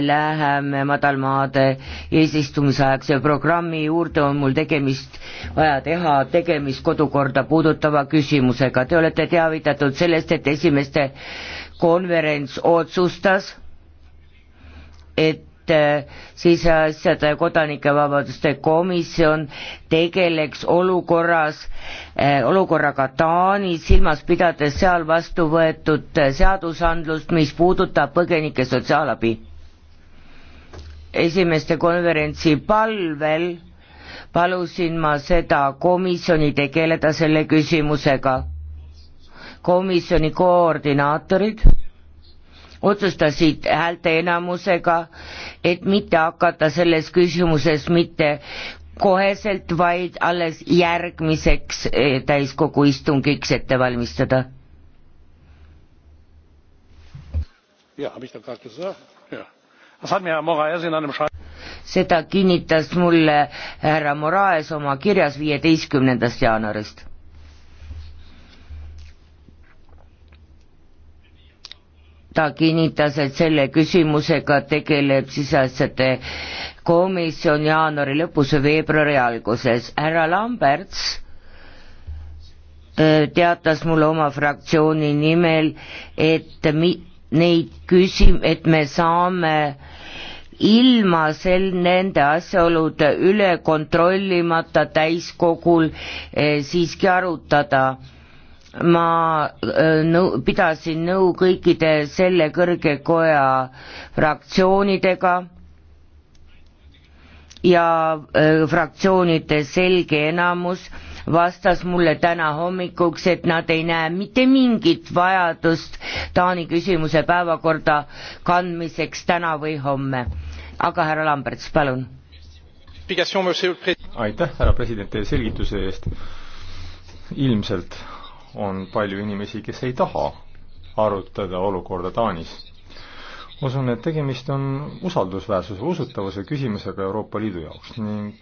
läheme madalmaade eesistumisaegse programmi juurde, on mul tegemist, vaja teha tegemist kodukorda puudutava küsimusega. Te olete teavitatud sellest, et esimeste konverents otsustas, et äh, siseasjade ja kodanikevabaduste komisjon tegeleks olukorras, äh, olukorraga Taanis, silmas pidades seal vastu võetud äh, seadusandlust, mis puudutab põgenike sotsiaalabi esimeste konverentsi palvel palusin ma seda komisjoni tegeleda selle küsimusega. komisjoni koordinaatorid otsustasid häälteenamusega, et mitte hakata selles küsimuses mitte koheselt, vaid alles järgmiseks eh, täiskogu istungiks ette valmistada. ja, mis ta tahtis öelda, jah seda kinnitas mulle härra Moraes oma kirjas viieteistkümnendast jaanuarist. ta kinnitas, et selle küsimusega tegeleb siseasjade komisjon jaanuari lõpus või veebruari alguses. härra Lamberts äh, teatas mulle oma fraktsiooni nimel, et mi-, neid küsim-, et me saame ilma sel nende asjaolude üle kontrollimata täiskogul eh, siiski arutada. ma eh, nõu, pidasin nõu kõikide selle kõrge koja fraktsioonidega ja eh, fraktsioonide selge enamus vastas mulle täna hommikuks, et nad ei näe mitte mingit vajadust Taani küsimuse päevakorda kandmiseks täna või homme. aga härra Lamberts, palun. aitäh, härra president, teie selgituse eest. ilmselt on palju inimesi, kes ei taha arutada olukorda Taanis. usun, et tegemist on usaldusväärsuse, usutavuse küsimusega Euroopa Liidu jaoks ning